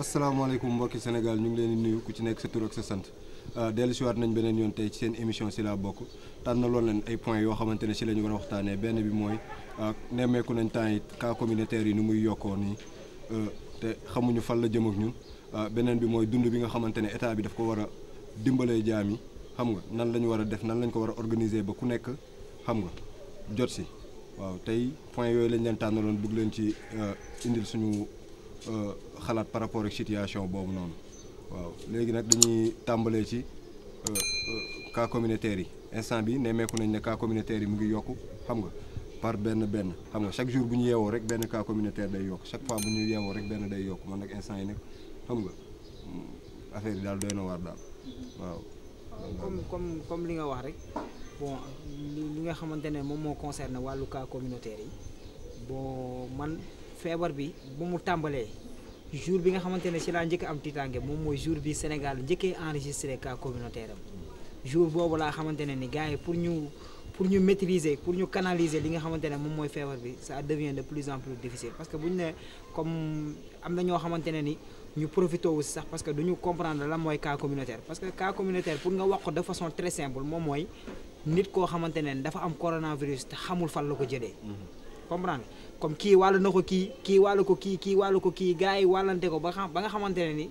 asalaamaaleykum mbokki Sénégal ñu ngi leen di nuyu ku ci nekk sa tur ak sa sant euh, dellu siwaat nañ beneen yoon tey ci seen émission si laa bokk tànnaloon leen ay points yoo xamante ne si la ñu war a waxtaanee bi mooy euh, nemmeeku nañ temps yi cas communautaire yi ni muy yokkoo nii euh, te xamuñu fan la jëm ak ñun beneen bi mooy dund bi nga xamante ne état bi daf ko war a dimbalee jaam yi xam nga nan la ñu war a def nan lañ ko war a organiser ba ku nekk xam nga jot si waaw tey point yooyu lañ leen tànnaloon bugg leen ci indil suñu. xalaat par rapport ak situation boobu noonu waaw léegi nag dañuy tàmbalee ci euh, euh, cas communautaire yi instant bi nemmeeku nañ ne cas communautaire yi mu ngi yokk xam nga par benn benn xam nga chaque jour bu ñu yeewoo rek benn cas communautaire day yokk chaque fois bu rek benn day man nag instant yi nag xam nga mm, affaire yi daal doy na waar daal waaw. comme comme comme li nga wax rek bon li nga xamante ne moom moo concerné wàllu cas communautaire yi bon man feebar bi bu mu tàmbalee. jour bi nga xamante ne ci laa njëkk am tiitaange moom mooy jour bi Sénégal njëkkee enregistré cas communautaire boobu laa xamante ne ni gars yi pour pour ñu maîtriser pour ñu canaliser li nga xamante ne moom mooy feebar bi ça devient de plus en plus difficile parce que bu ñu ne comme am na ñoo xamante ne ni ñu profité wu si sax parce que du ñu comprendre lan mooy cas communautaire parce que cas communautaire pour nga wax ko de façon très simple moom mooy nit koo xamante ne dafa am coronavirus te xamul fan la ko jëlee. Mm-hmm. comprendre comme kii wàll na ko kii kii wàll ko kii kii wàll kii gars yi wàllante ko ba xam ba nga xamante ne ni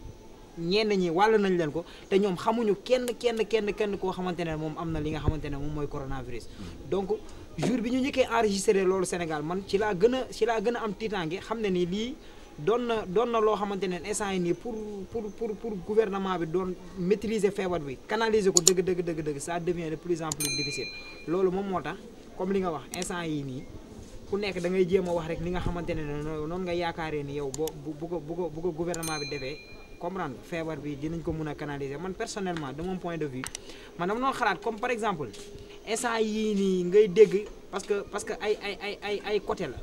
ñenn ñi wàll nañ leen ko te ñoom xamuñu kenn kenn kenn kenn koo xamante ne moom am na li nga xamante ne moom mooy coronavirus. Mm. donc jour bi ñu njëkkee enregistré loolu Sénégal man ci laa gën a ci laa gën a am tiitaange xam ne nii lii. doon na doon na loo xamante ne instant yi nii pour pour pour pour gouvernement bi doon maîtriser feebar bi canaliser ko dëgg dëgg dëgg dëgg ça devient de plus en plus difficile loolu moom moo tax comme li nga wax instant yi nii ku nekk da ngay jéem a wax rek ni nga xamante ne noonu nga yaakaaree ni yow boo bu bu ko bu ko bu ko guvernement bi defee comprendre feebar bi dinañ ko mun a canaliser man personnellement de mon point de vue man dama doon xalaat comme par exemple instant yii nii ngay dégg parce que parce que ay ay ay ay ay côté la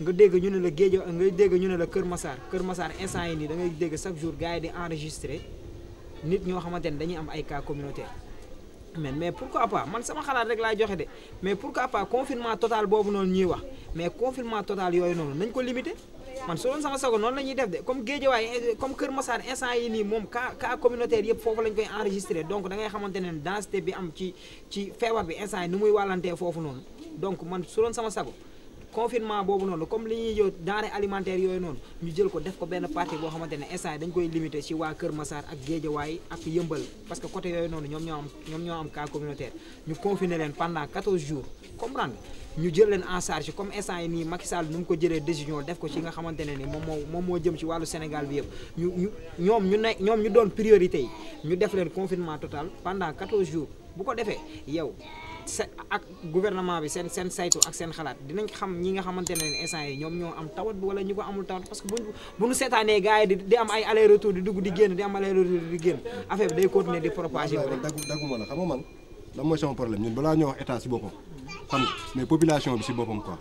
nga dégg ñu ne la géej ngay dégg ñu ne la Kër Massar Kër masaar instant yi nii da ngay dégg chaque jour gars yi di enregistrer nit ñoo xamante ne dañuy am ay cas communautaire mais mais pourquoi pas man sama xalaat rek laay joxe de mais pourquoi pas confinement total boobu noonu ñuy wax mais confinement total yooyu noonu nañ ko limité man su doon sama sago noonu la ñuy def de comme Guédiawaye comme Kër Massar instant yi nii moom cas cas communautaire yëpp foofu lañ koy enregistré donc da ngay xamante ne densité bi am ci ci feebar bi instant yi ni muy wàllantee foofu noonu donc man su doon sama sago confinement boobu noonu comme li ñuy yow denrée alimentaire yooyu noonu ñu jël ko def ko benn partie boo xamante ne instant dañ koy limité ci waa Kër Massar ak Guédiawaye ak Yëmbal parce que côté yooyu noonu ñoom ñoo am ñoom ñoo am cas communautaire ñu leen pendant 14 jours comprendre ñu jël leen en comme instant yi nii Macky Sall nu mu ko jëlee décision def ko ci nga xamante ni moom moo moom moo jëm ci wàllu Sénégal bi yëpp ñu ñu ñoom ñu ne ñoom ñu doon priorité yi ñu def leen confinement total pendant 14 jours bu ko defee yow sa ak gouvernement bi seen seen saytu ak seen xalaat dinañ xam ñi nga xamante ne instant yi ñoom ñoo am tawat bi wala ñu ko amul tawat parce bu ñu seetaanee gars di am ay aller retour di dugg di génn di am aller retour di génn affaire bi day continuer di propager. daggu daggu la xam man lan mooy sama problème ñun balaa ñoo wax état si boppam xam mais population bi si boppam quoi.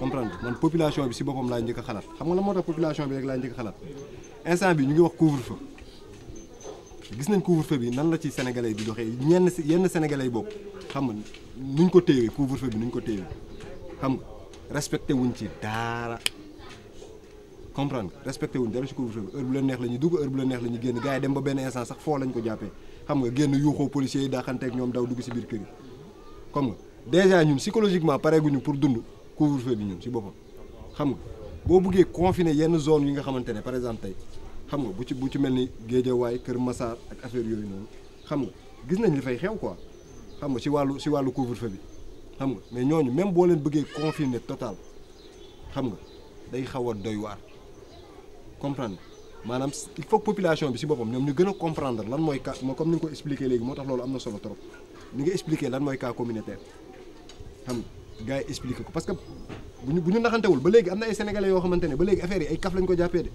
comprendre man population bi si boppam laa njëkk a xalaat xam nga la moo tax bi rek a bi ñu ngi gis nañ couvre-feu bi nan la ci sénégalais bi doxee ñenn yenn sénégalais yi bokk xam nga nuñ ko téewee couvre-feu bi ñu ko téewee xam nga respecté wuñ ci daara comprendre nga respecté wuñ dara ci couvre-feu bi heure bu leen neex la dugg heure bu leen neex la ñuy génn gars yi dem ba benn instant sax foo lañ ko jàppee xam nga génn yuuxoo policiers yi daaxanteeg ñoom daw dugg ci biir kër yi xam nga déjà ñun psychologiquement pareeguñu pour dund couvre-feu bi ñun ci xam nga boo buggee confiner yenn zone yi nga xamante ne par exemple tey xam nga bu ci bu ci mel ni Géejawaay Kër Massar ak affaire yooyu noonu xam nga gis nañ li fay xew quoi xam nga si wàllu si wàllu couvre bi xam nga mais ñooñu même boo leen bëggee confiné total xam nga day xaw a doy waar comprendre maanaam il faut population bi si boppam ñoom ñu gën a comprendre lan mooy cas moo comme ni nga ko expliqué léegi moo tax loolu am na solo trop ni nga expliqué lan mooy cas communautaire xam nga gars yi ko parce que bu ñu bu ñu naxantewul ba léegi am na ay yoo xamante ne ba léegi affaire yi ay kaf lañ ko jàppee de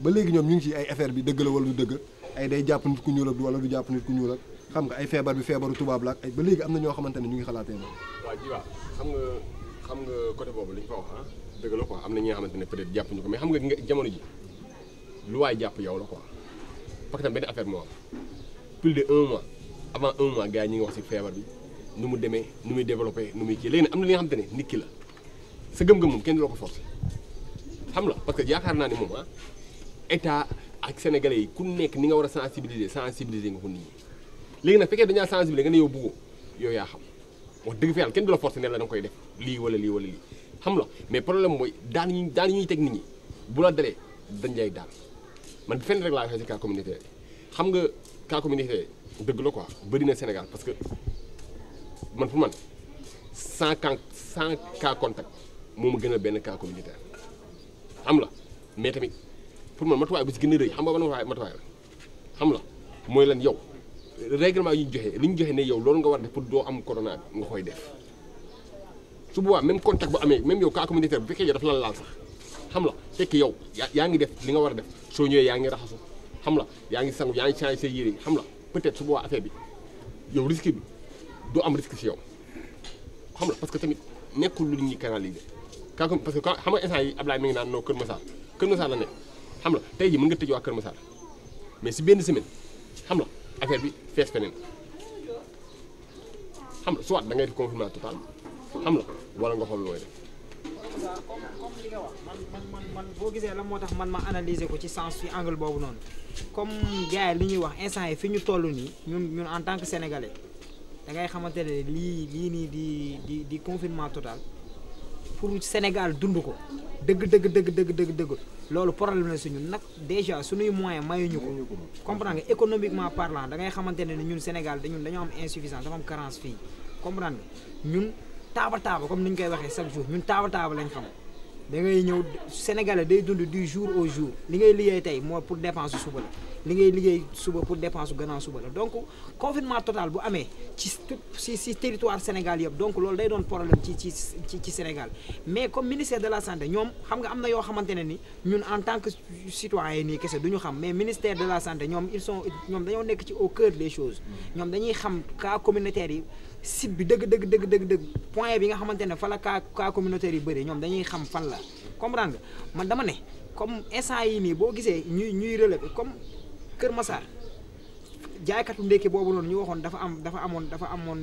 ba léegi ñoom ñu ngi ci ay affaire bi dëgg la wala du dëgg ay day jàpp nit ku ñuul ak wala du jàpp nit ku ñuul ak xam nga ay feebar bi feebaru tubaab la ak ay ba léegi am na ñoo xamante ne ñu ngi xalaatee noonu. waaw ji xam nga xam nga côté boobu li ñu fa wax ah, dëgg la quoi am na ñi xamante ne peut être ñu ko mais xam nga jamono ji lu waay jàpp yow la ko parce que tam benn affaire moo am plus de un mois avant un mois gars ngi wax si feebar bi nu mu demee nu muy développé nu muy ci léegi nag am na li nga xamante ne nit ki la sa gëm-gëm moom kenn du la ko forcé xam la parce que yaakaar naa ne moom ah état ak sénégalais yi ku nekk ni nga war a sensibiliser sensibiliser nga ko nit ñi léegi nag fekkee dañaa sensibiliser nga ne yow bëggoo yow yaa xam wax dëgg fa yàlla kenn du la forcer ne la da nga koy def lii wala lii wala lii xam la mais problème mooy daan ñuy daan ñuy teg nit ñi bu la dalee dañ lay daal man fenn rek laa waxee si cas communautaire xam nga cas communautaire dëgg la quoi bëri na Sénégal parce que man pour man cent cas cent cas contact moom gën a benn cas communautaire xam la mais tamit. pour man matuwaay bi si gën a rëy xam nga ban matuwaay matuwaay xam la mooy len yow règlement yi joxe li ñu joxe ne yow loolu nga war def pour doo am corona bi nga koy def su boobaa même contact bu amee même yow cas communautaire bu fekkee yow la xam la fekk yow yaa ngi def li nga war a def soo ñëwee yaa ngi raxasu xam la yaa ngi sangu yaa ngi changé say xam la peut-être su boobaa bi yow risque bi doo am risque si yow xam la parce que tamit nekkul lu ñuy canaliser. kaa parce que xam nga instant yi Ablaye mi ngi naan noo Kër Massar Kër Massar la nekk. xam la tey ji mën nga tëj waa Kër Massar mais si benn semaine xam la affaire bi fees feneen xam la soit da ngay total xam la wala nga xool looy def. waaw comme comme man man gisee lan moo tax man ma analyser ko ci sens fi angle boobu noonu comme gars li ñuy wax instant yi fi ñu toll nii ñun ñun en tant que sénégalais dangay ngay xamante ne lii lii nii di di di confinement total. pour Sénégal dund ko dëgg dëgg dëgg dëgg dëgg dëgg loolu problème la suñu nag déjà suñuy moyen mayuñu ko comprendre nga économiquement parlant da ngay xamante ne ñun Sénégal dañun dañoo am insuffisance dafa am carence fii comprendre nga ñun taaba taaba comme ni ñu koy waxee chaque jour ñun taaba taaba lañ xam da ngay ñëw sénégalais day dund du jour au jour li ngay liggéey tey mooy pour dépense suba la li ngay liggéey suba pour dépense gannaaw suba la donc confinement total bu amee ci ci ci territoire Sénégal yëpp donc loolu day doon problème ci ci ci ci Sénégal mais comme ministère de la santé ñoom xam nga am na yoo xamante ne ni ñun en tant que citoyen nii kese du ñu xam mais ministère de la santé ñoom il son ñoom dañoo nekk ci au cœur des choses mm. ñoom dañuy xam cas communautaire yi. site bi dëgg dëgg dëgg dëgg dëgg point bi nga xamante ne fa la cas cas communautaire yi bëri ñoom dañuy xam fan la comprendre man dama ne comme instant yi nii boo gisee ñuy ñuy relever comme Kër Massar jaaykatu ndekki boobu noonu ñu waxoon dafa am dafa amoon dafa amoon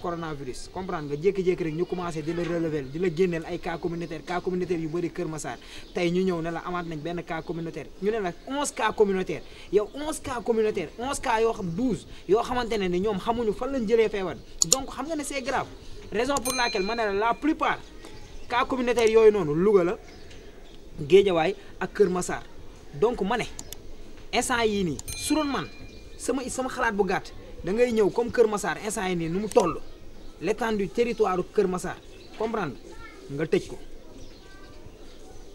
coronavirus comprendre nga jékki-jékki rek ñu commencé di la relever di la génneel ay cas communautaire cas communautaire yu bëri Kër Massar tey ñu ñëw ne la amaat nañ benn cas communautaire ñu ne la 11 cas communautaire yow 11 cas communautaire 11 cas yoo xam 12 yoo xamante ne ni ñoom xamuñu fan lañ jëlee feebar donc xam nga ne c'est grave raison pour laquelle ma ne la la plupart cas communautaire yooyu noonu Louga la Géejawaay ak Kër Massar donc ma ne instant yii nii su man sama sama xalaat bu gàtt. da ngay ñëw comme Kër masaar instant yi nii nu mu toll l'étendue du territoire Kër Massar comprendre nga tëj ko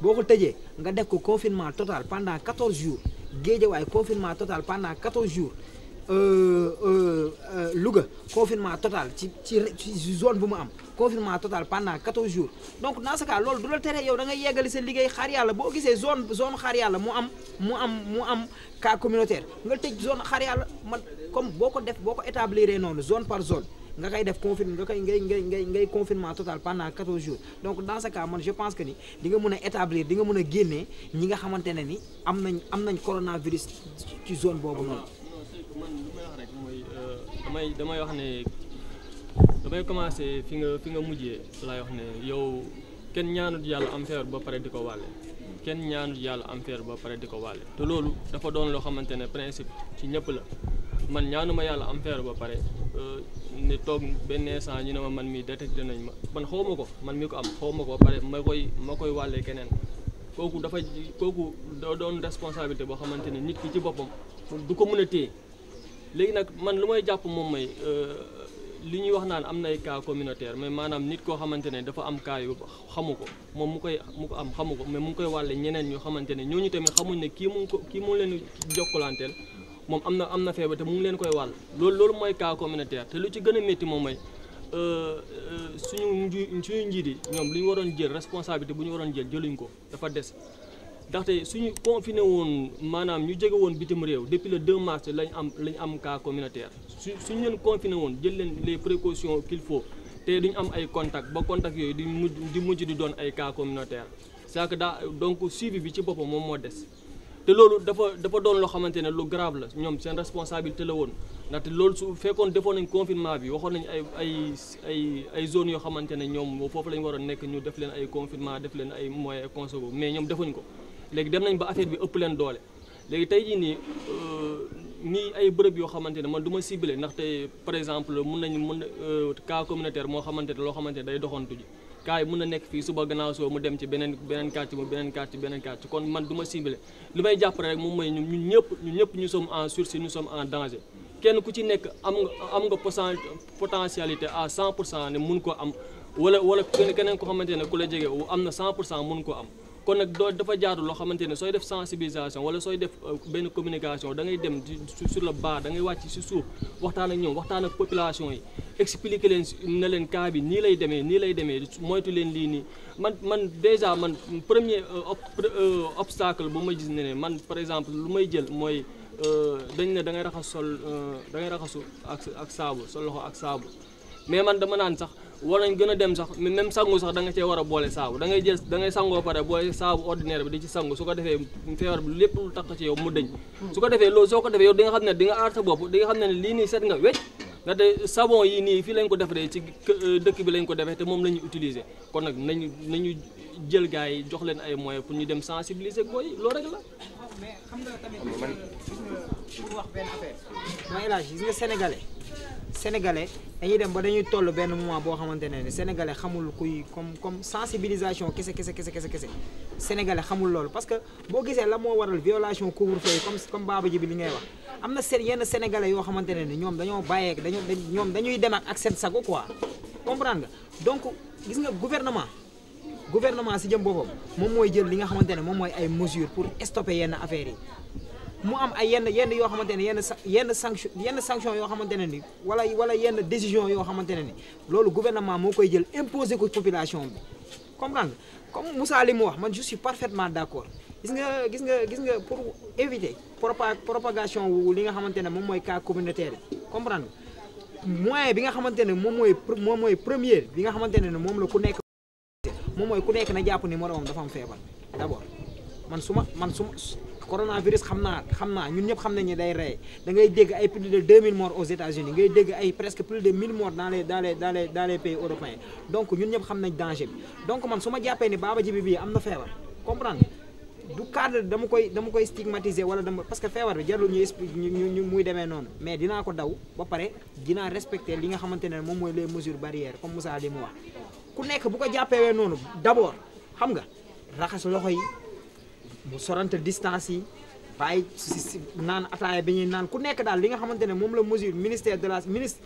boo ko tëjee nga def ko confinement total pendant 14 jours waaye confinement total pendant 14 jours euh, euh, euh, Louga confinement total ci ci zone bu mu am confinement total pendant 14 jours donc dans ce loolu du la tere yow da ngay yeggali sa liggéey xaar yàlla boo gisee zone zone xaar yàlla mu am mu am mu am cas communautaire nga tëj zone xaar yàlla comme boo ko def boo ko établir noonu zone par zone nga kay def confine nga koy ngay ngay ngay ngay confinement total pendant 14 jours donc dans ce je pense que ni di nga mën a établir di nga mën a génnee ñi nga xamante ne ni am nañ am nañ coronavirus ci zone boobu noonu. man li may damay damay wax ne damay commencé fi nga fi nga mujjee lay wax ne yow kenn ñaanut yàlla am feebar ba pare di ko wàlle kenn ñaanut yàlla am feebar ba pare di ko wàlle te loolu dafa doon loo xamante ne principe ci ñëpp la. man ñaanu ma yàlla am feebar ba pare euh, ne toog benn instant ñu ne ma man mii détecté nañ ma man xaw ma ko man mi ko am xaw ma ko pare ma koy ma koy wàllee keneen kooku dafa kooku doo doon responsabilité boo xamante ni ki ci boppam du ko mën a téye léegi nag man lu may jàpp moom mooy euh, li ñuy wax naan am na ay cas communautaire mais maanaam nit koo xamante ne dafa am cas yu xamu ko moom mu koy mu am xamu ko mais mu ngi koy wàlle ñeneen ñu xamante ne ñooñu tamit xamuñ ne kii mu ko kii mu leen jokkalanteel moom am na am na feebar te mu leen koy wàll loolu loolu mooy cas communautaire te lu ci gën a métti moom mooy euh, euh, suñu nji suñu njiit yi ñoom li ñu waroon jël responsabilité bu ñu waroon jël jëluñ ko dafa des ndaxte suñu confiné woon maanaam ñu jege woon bitim réew depuis le 2 lañ am lañ am cas suñu leen confiné woon jël leen les précautions qu'il faut te duñ am ay contact ba contact yooyu di mujj di mujj di doon ay cas communautaire c'est daa donc suivi bi ci boppam moom moo des te loolu dafa dafa doon loo xamante ne lu grave la ñoom seen responsabilité la woon ndaxte loolu su fekkoon defoon nañ confinement bi waxoon nañ ay ay ay ay zones yoo xamante ne ñoom foofu la ñu war nekk ñu def leen ay confinement def leen ay moyens consobo mais ñoom defuñ ko léegi dem nañ ba affaire bi ëpp leen doole léegi tey jii nii euh, nii ay bërëb yoo xamante ne man duma ma ciblé ndaxte par exemple mun nañ mun euh, cas communautaire moo xamante ne loo xamante ne day doxantu ji cas yi mun na nekk fii suba gannaaw soo mu dem ci beneen beneen quartier mu beneen quartier beneen quartier kon man du ma ciblé lu may jàpp rek moom mooy ñun ñëpp ñun ñëpp ñu sommes en sursis nous sommes en danger kenn ku ci nekk am nga am nga potentialité à 100 pour cent ne mun ko am wala wala keneen koo xamante ne ku la jege am na 100 pour cent mun ko am kon nag doo dafa jaadu loo xamante ne sooy def sensibilisation wala sooy def euh, benn communication da ngay dem sur le bas dangay wàcc si suuf waxtaan ak ñoom waxtaan ak population yi expliquer leen na leen cas bi nii lay demee nii lay demee moytu leen lii nii man man déjà man premier euh, euh, obstacle bu ma gis ne ne man par exemple lu may jël mooy dañ ne da ngay raxas sol da ngay raxasu ak ak saabu sol loxo ak saabu mais man dama naan sax war nañ gën dem sax même sangu sax da nga cee war a boole saabu dangay jël da ngay sangoo pare boole saabu ordinaire bi di ci sangu su ko defee feebar bi lépp lu takk ci yow mu dëñ su ko defee loolu soo ko defee yow nga xam ne di nga aar sa bopp di nga set nga wecc ndaxte yi nii fii lañ ko defaree ci euh, dëkk bi lañ ko defee te moom la ñuy utiliser kon nag nañu nañu jël gars yi jox leen ay moyens pour ñu dem sensibiliser booy loo rek la. mais xam nga tamit. pour maa ngi gis nga sénégalais. sénégalais dañuy dem ba dañuy toll benn moment boo xamante ne sénégalais xamul kuy comme comme sensibilisation kese kese kese kese kese sénégalais xamul loolu parce que boo gisee la moo waral violation couvre-feu comme comme Baba Ji bi li ngay wax am na se yenn sénégalais yoo xamante ne ni ñoom dañoo bàyyeek dañoo ñoom dañuy dem ak seen sago quoi comprendre nga donc gis nga gouvernement gouvernement si jëm boppam moom mooy jël li nga xamante ne moom mooy ay mesures pour stopper yenn affaires yi mu am ay yenn yenn yoo xamante ne yenn sa yenn sanction yenn sanction yoo xamante ne ni wala wala yenn décision yoo xamante ne ni loolu gouvernement moo koy jël imposer ko population bi comprendre comme Moussa li mu wax man je suis parfaitement d'accord gis nga gis nga gis nga pour éviter propagation wu li nga xamante ne moom mooy cas communautaire yi comprendre moyen bi nga xamante ne moom mooy moom mooy première bi nga xamante ne moom la ku nekk moom mooy ku nekk na jàpp ni moroomam dafa am feebar d'abord man su ma man su coronavirus xam naa xam naa ñun ñëpp xam nañu day rey da ngay dégg ay plus de 2000 morts aux États-Unis ngay dégg ay presque plus de 1000 morts dans les dans les dans les dans les pays européens donc ñun ñëpp xam nañ danger bi donc man su ma jàppee ni Baba Jibi bii am na feebar comprendre du cadre dama koy dama koy stigmatiser wala dama parce que feebar bi jarul ñu ñu muy demee noonu mais dinaa ko daw ba pare dinaa respecter li nga xamante ne moom mooy les mesures barrières comme Moussa li mu wax ku nekk bu ko jàppee noonu d'abord xam nga raxas loxo yi. mu sorante distance yi bàyyi si naan ataaya bi ñuy naan ku nekk daal li nga xamante ne moom la mesure ministère de la ministre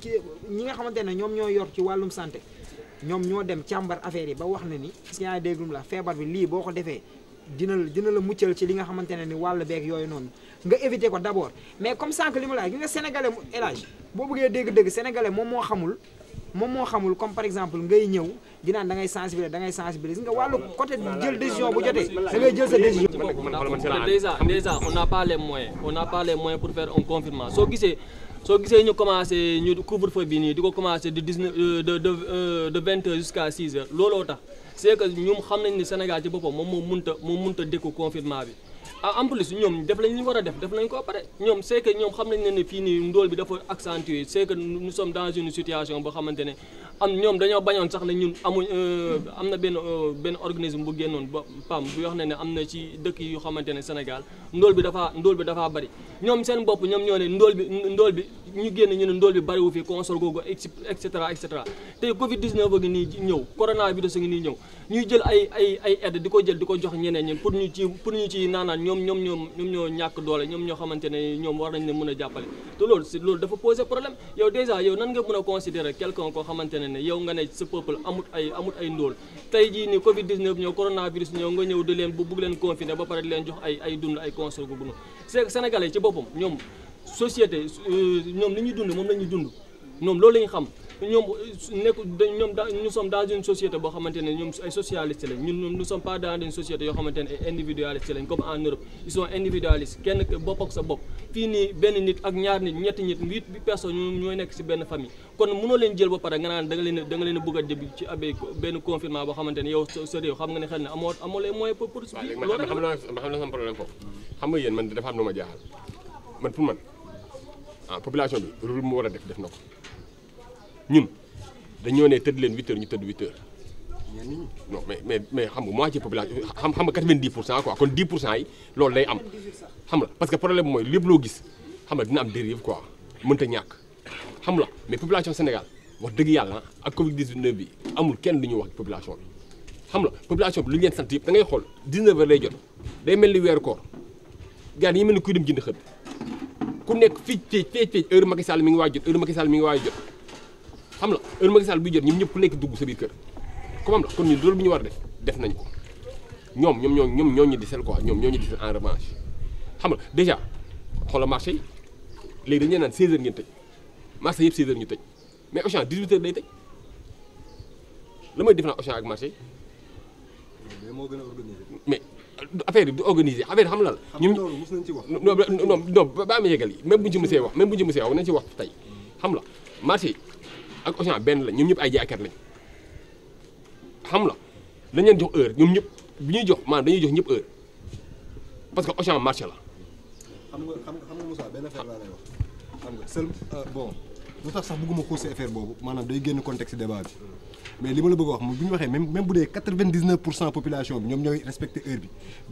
ñi nga xamante ne ñoom ñoo yor ci wàllum santé ñoom ñoo dem càmbar affaire yi ba wax na ni si ñaa déggum la feebar bi lii boo ko defee dina la dina la muccal ci li nga xamante ne ni wàll beeg yooyu noonu nga éviter ko d'abord mais comme sànq li ma la gi nga sénégalais mu élage boo buggee dégg-dégg sénégalais moom moo xamul moom moo xamul comme par exemple ngay ñëw di naan da ngay sensibiliser da nga wàllu côté jël décision bu jotee da ngay jël sa décision. déjà déjà on n'a pas les on n'a pas les pour faire un confinement soo gisee soo gisee ñu commencé ñu couvre-feu bi nii di ko commencé de dix euh, de de euh, de vingt heures jusqu'à six heures looloo tax c'est que xam nañ ni Sénégal ci boppam moom moo mënta moo mënta dékku confinement bi. ah en plus ñoom def lañ ñu war a def def nañ ko pare ñoom c'est que ñoom xam nañ ne ne fii nii ndóol bi dafa accentuer c'est que nous sommes dans une situation boo xamante ne am ñoom dañoo bañoon sax ne ñun amuñ euh, am na benn euh, benn organisme bu génnoon ba PAM bu wax ne ne am na ci dëkk yu xamante ne Sénégal ndóol bi dafa ndool bi dafaa bari ñoom seen bopp ñoom ñoo ne ndool bi bi ñu génn ñu ne ndóol bi bariwu fi consor googu et cetera et cetera tey Covid 19 gi ñëw coronavirus ngi nii jël ay ay ay ko jël di ko jox ñeneen ñi pour ñu ci pour ñu ci naanaan ñoom ñoom ñoom ñoom ñoo ñàkk doole ñoom ñoo xamante ne ñoom war nañ ne mën a jàppale te loolu si loolu dafa poser problème yow déjà yow nan nga mën a considérer quelqu'un koo xamante ne wane ne yow nga ne sa peuple amut ay amut ay ndóol tey jii nii Covid 19 ñëw coronavirus ñëw nga ñëw di leen bu bugg leen confiner ba pare leen jox ay ay dund ay conseil gu dund c'est sénégalais ci boppam ñoom société euh, ñoom li ñuy dund moom la ñuy dund ñoom loolu la ñu xam ñoom euh, nekk ñoom da nous sommes dans une société boo xamante ne ñoom ay socialiste lañ ñun nous sommes pas dans une yoo xamante ne ay individualiste lañ comme en Europe ils sont individualistes kenn bopp ak sa bopp fii nii benn nit ak ñaar nit ñetti nit huit personnes ñooy nekk si benn famille kon mënoo leen jël ba pare nga naan da nga leen da nga leen bëgg a jëb ci abe benn confinement boo xamante ne yow sa réew xam nga ne xel ne amoo amoo les moyens pour am lu ma jaaxal man pour man ah bi rôle na ko ñun dañoo ne tëdd leen huit heures ñu tëdd huit heures non mais mais mais xam nga moitié population xam xam nga quatre-vingt-dix pour cent quoi kon dix pour cent yi loolu day am xam nga parce que problème mooy lépp loo gis xam nga dina am dérive quoi mënta ñàkk xam la mais population Sénégal wax dëgg yàlla ak Covid 19 bi amul kenn du ñuy wax population bi xam na population bi lu ñu leen sant yëpp da ngay xool 19 heures lay jot day mel ni weeru koor gars yi mel ni kuy dem jënd xëdd ku nekk fii ci fii mi ngi waaj jot mi ngi waaj jot xam la heure Macky Sall buy jot ñoom ñëpp ku nekk dugg sa biir kër comme am la kon ñun loolu bi ñu war def def nañ ko ñoom ñoom ñoo ñoom ñoo ñu disel quoi ñoom ñoo ñu xam nga déjà xoolal marché léegi dañu naan 16h ngeen tëj marché yëpp ñu tëj mais Auchan 18h day tëj la mooy différence Auchan ak marché yi. mais gën a organisé. mais euh, affaire yi du organisé affaire xam la la. ñun loolu nañ ci wax. non non non ba ba amee yëgal yi même bu ñu ci mësee wax même bu ñu ci nañ ci wax tey xam la marché ak Auchan benn la ñoom ñëpp ay jaaykat lañ xam la dañ jox heure ñoom ñëpp bi ñuy jox maanaam dañuy jox ñëpp heure parce que Auchan marché la. xam nga xam nga Moussa benn affaire laa lay wax xam nga seul euh, bon lu tax sax bëgguma xuus si boobu maanaam day génn contexte débat bi mais li ma la bëgg a wax moom bu ñu waxee même même bu dee quatre-vingt-dix-neuf pour cent population bi ñoom ñooy respecté heure bi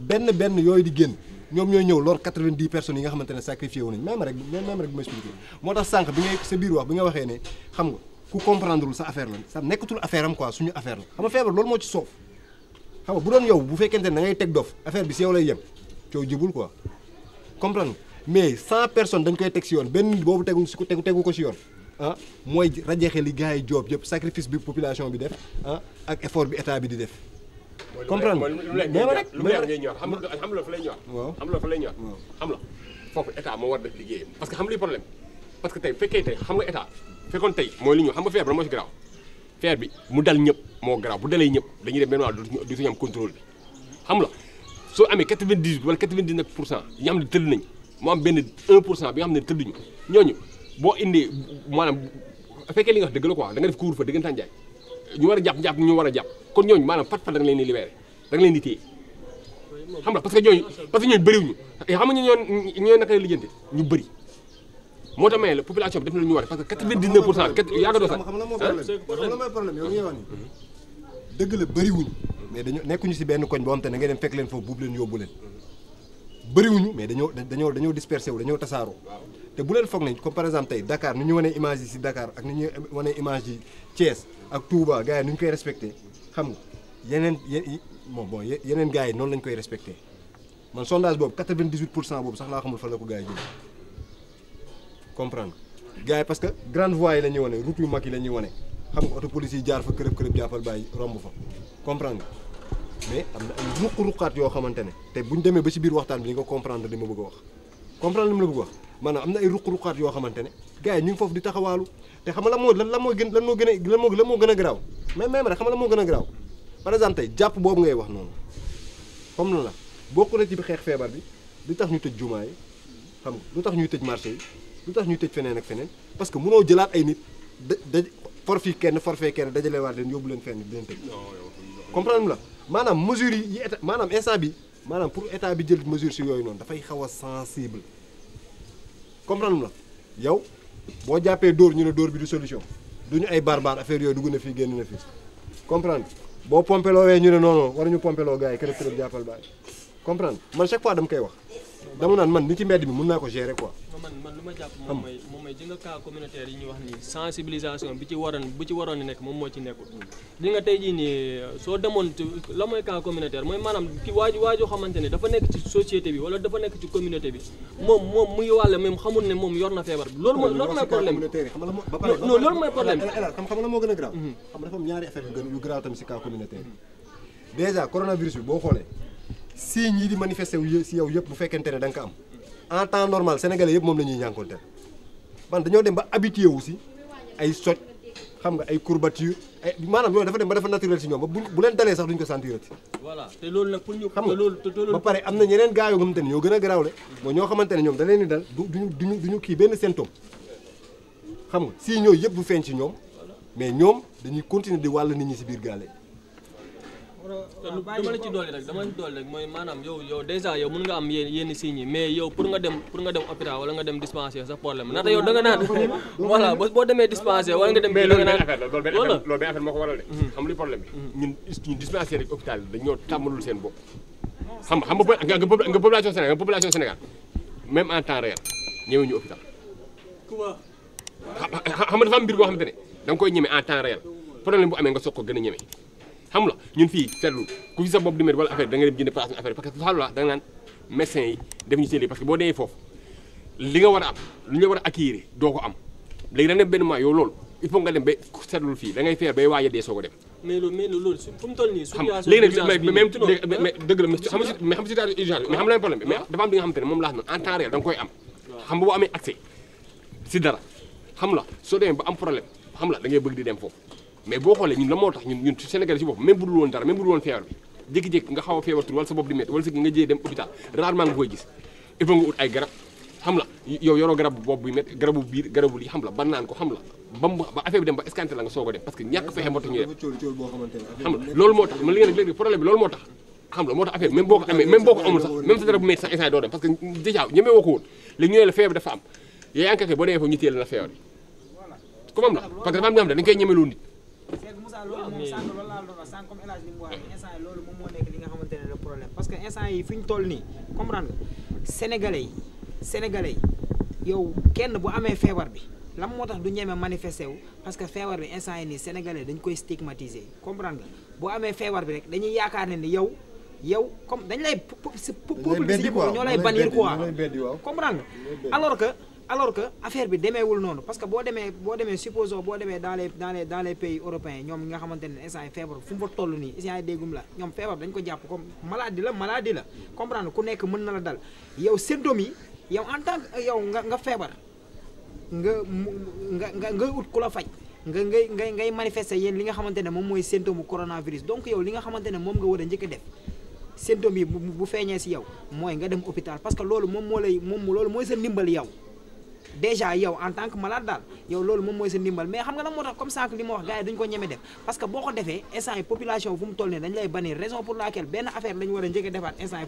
benn benn yooyu di génn ñoom ñooy ñëw lor quatre vingt ne sacrifié wu nañ même bi ma waxee ne xam nga. ku comprendre sa affaire la sa nekkatul affaire am quoi suñu affaire la xam nga feebar loolu moo ci soof xam nga bu doon yow bu fekkente ne da teg dof affaire bi si yow lay yem coow jubul quoi comprendre mais cent personnes dañ koy teg si yoon benn nit boobu tegul si tegu ko si yoon ah, mooy rajeexe li gars yi joob yëpp sacrifice bi population bi def ah, ak effort bi état bi di def. comprendre mais ma rek lu leer ngay ñor xam nga xam nga fa lay ñor. waaw xam nga fa lay ñor. xam nga foofu état moo war def liggéeyam parce que xam li problème. parce que tey fekkee tey xam nga état fekkoon tey mooy li ñu xam nga feebar moo si garaaw feebar bi mu dal ñëpp moo garaaw bu dalee ñëpp dañuy dem benn wàll dootuñu am soo amee 98 wala 99 pour cent yi nga xam ne mu am benn 1 pour cent bi nga xam ne tëdduñu ñooñu boo indee maanaam fekkee li nga wax dëgg la quoi da nga def couvre-feu dëggantaan jaay ñu war a jàpp jàpp ñu war a jàpp kon ñooñu maanaam fat fat da leen di libéré leen di téye xam la parce que ñooñu parce que ñooñu bëriwuñu xam nga ñoo ñooy ñu bëri moo tax may la population bi def na lu ñu war doo sax. dëgg la bëriwuñu mais dañu nekkuñu si benn koñ boo xam te ne ngay dem fekk leen foofu buub leen yóbbu leen bëriwuñu mais dañoo dañoo dañoo dispersé wu dañoo tasaaroo te bu leen foog nañ comme par exemple tey dakaar ni ñu wanee image yi si Dakar ak ni ñu wanee image yi Thiès ak Touba gars ni ñu koy respecté xam nga yeneen ye bon bon yeneen gars yi noonu lañ koy respecté man sondage boobu 98 pour cent boobu sax laa xamul fan la ko gars yi comprendre gars yi parce que grande voie yi la ñuy wane yu mag yi la ñuy wane xam nga oto police yi jaar fa kërëb kërëb jàppal bàyyi romb fa comprendre mais am na ay ruq-ruqaat yoo xamante ne te ñu demee ba ci biir waxtaan bi di nga comprendre li ma bëgg a wax comprendre li ma la bëgg a wax maanaam am na ay ruq-ruqaat yoo xamante ne gars yi ñu ngi foofu di taxawaalu te xam nga lan moo lan lan moo gën lan moo a lan moo lan moo gën a garaaw mais même rek xam nga moo gën a garaaw par jàpp boobu ngay wax noonu comme la bokk na ci xeex feebar bi lu tax ñu tëj jumaa yi lu tax ñuy tëj marché yi lu tax ñu tëj feneen ak feneen parce que mënoo jëlaat ay nit da daj forfait kenn forfait kenn dajalewaat leen yóbbu leen fenn di leen tëj. comprendre la maanaam mesure yi état maanaam instant bi maanaam pour état bi jël mesure si yooyu noonu dafay xaw a sensible comprendre la yow boo jàppee dóor ñu ne dóor bi du solution duñu ay barbare affaire yooyu dugg na fii génn na fii comprendre boo pompeloo wee ñu ne non non waruñu pompeloo gars yi kërëb kërëb jàppal baay comprendre man chaque fois dama koy wax dama naan man ni ci mbedd mi mun naa ko gérer quoi. man man lu ma jàpp moom mooy moom mooy ji nga cas communautaire yi ñu wax nii sensibilisation bi ci waroon bi ci waroon nekk moom moo ci nekkul li mm. nga tey jii nii euh, soo demoon la mooy cas communautaire maanaam ki waaju waajoo xamante ne dafa nekk ci société bi wala dafa nekk ci communauté bi moom moom muy wàlle même xamul ne moom yor na feebar bi loolu mooy loolu mooy problème non loolu mooy problème xam xam la moo gën a grave mm-hmm. xam dafa tamit cas communautaire déjà coronavirus bi boo xoolee signes yi di manifesté wu si yow yëpp bu fekkente ne da ko am en temps normal sénégalais yëpp moom la ñuy ñànkonteel man dañoo dem ba habitué wu si ay soj xam nga ay courbature ay maanaam loolu dafa dem ba dafa naturel si ñoom ba bu leen dalee sax duñ ko sentirati. voilà te loolu nag pour ñu. xam nga ba pare am na ñeneen gars yoo xamante ne ñoo gën a garaawle. mooy ñoo xamante ne ñoom da leen di dal du duñu duñu kii benn symptôme xam nga sii ñooyu yëpp bu feeñ ci ñoom mais ñoom dañuy continuer di wàll nit ñi si biir gaale dama la ci doole rek dama la ci doole rek mooy maanaam yow yow dèjà yow mën nga am yéen yenn signes yi mais yow pour nga dem pour nga dem hôpital wala nga dem dispensaire sa problème nata yow da naan voilà boo demee dispensaire wala nga dem mais loolu benn affaire la loolu benn affaire loolu benn affaire moo ko waral de mhm. xam bi mhm. ñun xam nga nga population Sénégal en temps réel ñëwee ñu hôpital xam nga dafa am boo xamante ne da koy ñeme en temps réel problème bu amee nga soog ko gën xam la ñun fii seetlu ku fi sa bopp di métti wala affaire da nga dem jënd place affaire parce def ñu seen liggéey a am a acquérir doo ko am feer bay waaj a dee soo ko dem mais loolu xam léegi nag même mais dëgg la mais xam situation urgence mais problème dafa am li nga xamante moom laa xam ne en temps réel da koy am xam nga boo amee accès si dara xam la soo demee ba am problème xam la da bëgg di dem foofu mais boo xoolee ñun la moo tax ñun ñun Sénégalais si bopp même bu dul woon dara même bu dul woon feebar bi jékki-jékki nga xaw a feebar tur sa bopp di métti wala sa nga nga koy dem a dem parce que ñàkk fexe ko woon léegi ñu la feebar bi dafa am yaa ngi koy boo demee foofu ñu téye la na feebar bi comme am la parce que dafa am ñoo xam ne dañ koy ñemeloo nit Moussa loolu moom sànq loolu laa doon wax sànq comme El Hadj ni mu waxee instant yi loolu moom moo nekk li xamante ne le problème parce que instant yi fi ñu toll nii comprendre nga sénégalais yi sénégalais yi yow kenn bu amee feebar bi lan moo tax du ñeme manifesté wu parce que feebar bi instant yi nii sénégalais dañ koy stigmatiser comprendre nga boo amee feebar bi rek dañuy yaakaar ne ni yow yow comme dañ lay peuple si ñëpp ñoo lay bannir quoi comprendre alors que affaire bi demeewul noonu parce que boo demee boo demee supposons boo demee dans les dans les dans les pays européens ñoom nga xamante ne instant yi feebar fu mu fa toll nii instant yi déggum la ñoom feebar dañ ko jàpp comme maladie la maladie la comprendre ku nekk mën na la dal yow symptômes yi yow en tant que yow nga nga feebar nga nga nga ngay ut ku la faj nga ngay ngay ngay manifester yéen li nga xamante ne moom mooy symptôme coronavirus donc yow li nga xamante ne moom nga war a njëkk a def symptômes yi bu feeñee si yow mooy nga dem hôpital parce que loolu moom moo moom loolu mooy sa ndimbal yow déjà yow en tant que malade daal yow loolu moom mooy sa ndimbal mais xam nga nag moo tax comme sànq li ma wax gars yi dañu ko ñeme def parce que boo ko defee instant yi population fu mu toll nii dañu lay bannir a njëkk a defaat instant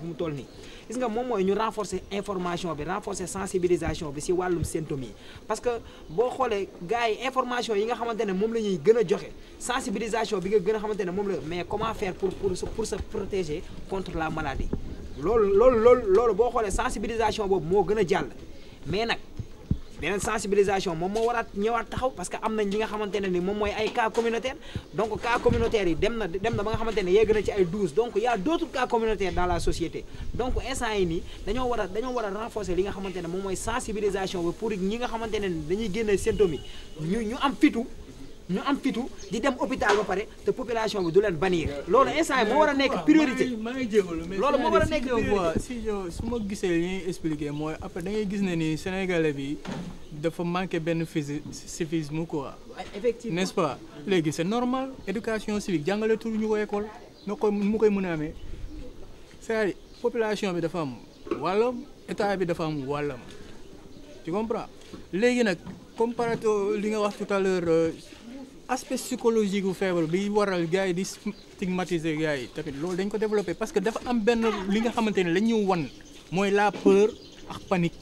nga moom mooy ñu renforcer information bi renforcer sensibilisation bi si wàllum symptômes yi parce que boo xoolee gars yi information yi nga xamante ne moom la ñuy gën a joxe sensibilisation bi nga gën a xamante ne moom la mais comment faire pour pour pour se protéger contre la maladie loolu loolu loolu loolu boo xoolee sensibilisation boobu moo gën a jàll mais beneen sensibilisation moom moo war a ñëwaat taxaw parce que am na li nga xamante ne ni moom mooy ay cas communautaire donc cas communautaire yi dem na dem na ba nga xamante ne yegg na ci ay douze donc y a d'autres cas communautaires dans la société donc instant yi nii dañoo war a dañoo war a renforcer li nga xamante ne moom mooy sensibilisation bi pour ñi nga xamante ne ni dañuy génne symptômes yi ñu ñu am fitu ñu am fitu di dem hôpital ba pare te population bi du leen bannir loolu instant moo war a nekk priorité loolu moo war a nekk si yow su ma gisee li ñuy expliqué mooy après da ngay gis ne ni sénégalais bi dafa manqué benn civisme quoi effectivement n'est-ce pas léegi c'est normal éducation civique jàngale tur ñu ko école na koy mu koy mën a amee c'est-à-dire bi dafa am wàllam état bi dafa am wàllam tu comprends léegi nag comparato li nga wax tout aspect psychologique bu feebar bi waral gars yi di stigmatiser gars yi tamit loolu dañ ko développé parce que dafa am benn li nga xamante ne lañ ñu wan mooy la peur ak panique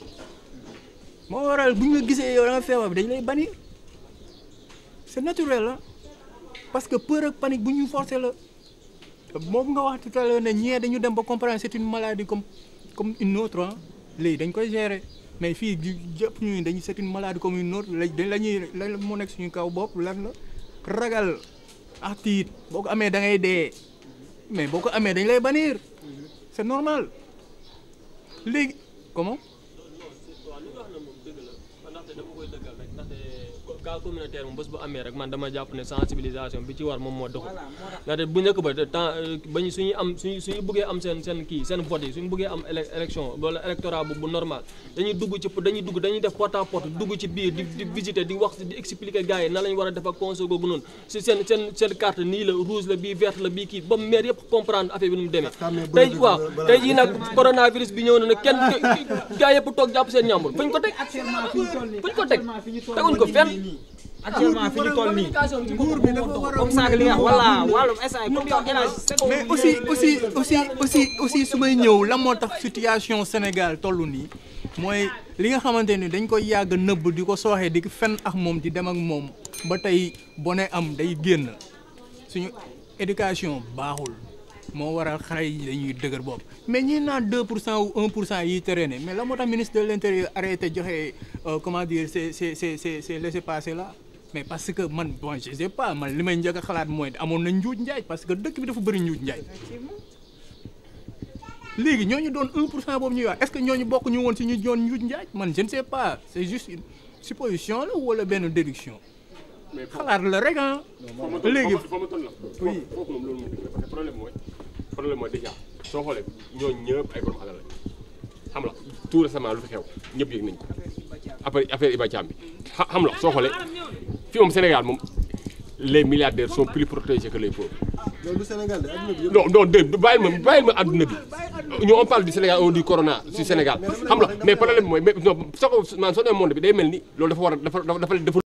moo waral bu ñu la gisee yow da feebar bi dañ lay bannir c'est naturel la parce que peur ak panique bu ñu forcé la moom nga wax tout à l'heure ne ñee dañu dem ba comprendre c'est une maladie comme comme une autre ah léegi dañ koy gérer mais fii jëpp ñu dañu c'est une maladie comme une autre dañ la ñuy lan moo nekk suñu kaw bopp lan la. ragal ak tiit boo ko amee da ngay dee mais boo ko amee dañ lay bannir c'est normal léegi komo cas communautaire moom bés bu amee rek man dama jàpp ne sensibilisation bi ci war moom moo doxul ndaxte bu njëkk ba temps ba ñu am suñu suñu bëggee am seen kii seen vote yi suñu bëggee am élection wala électorat bu normal dañuy dugg ci dañuy dugg dañuy def porte à dugg ci biir di visiter di wax di expliquer gars yi na lañ war a def ak conseil googu noonu si seen seen nii la rouge la bii verte la bii kii ba maire yëpp comprendre affaire bi nu demee tey waaw actuellement fi ñu toll nii nguur bi dafa war a comme ça mais aussi aussi aussi aussi aussi su may ñëw la moo tax situation Sénégal tollu nii mooy li nga xamante ni dañ koy yàgg nëbb di ko sooxee di fenn ak moom di dem ak moom ba tey bone am day génn suñu éducation baaxul moo waral xale yi dañuy dëgër bopp mais ñi naan 2 pour cent ou 1 pour cent yiy traîner mais la moo tax ministre de l' intérieur joxe euh, comment dire c'est c'est c'est c'est laissez passer là. mais parce que man bon je sais li may njëkk a xalaat mooy amoon na njuuj njaaj parce que dëkk bi dafa bëri njuuj njaaj. léegi ñoo ñooñu doon 1 pour cent boobu ñuy wax est-ce que ñooñu bokk ñu woon si ñu doon njuuj njaaj man je ne pas c'est juste une supposition la wala benn déduction. xalaat la rek ah. léegi foo ma toll moom problème mooy problème mooy déjà soo xoolee ñooñu ñëpp ay borom xam la tout récemment lu fi xew ñëpp yëg nañ ko après affaire Iba Thiam bi xam la soo xoolee fii moom Sénégal moom les milliardaires sont plus protégés que les pauvres. loolu Sénégal de adduna bi non ma bàyyil ma adduna bi ñoo on parle du Sénégal on dit corona si Sénégal xam nga mais mooy mais non soo ko man soo bi day mel ni loolu dafa war a dafa dafa dafa.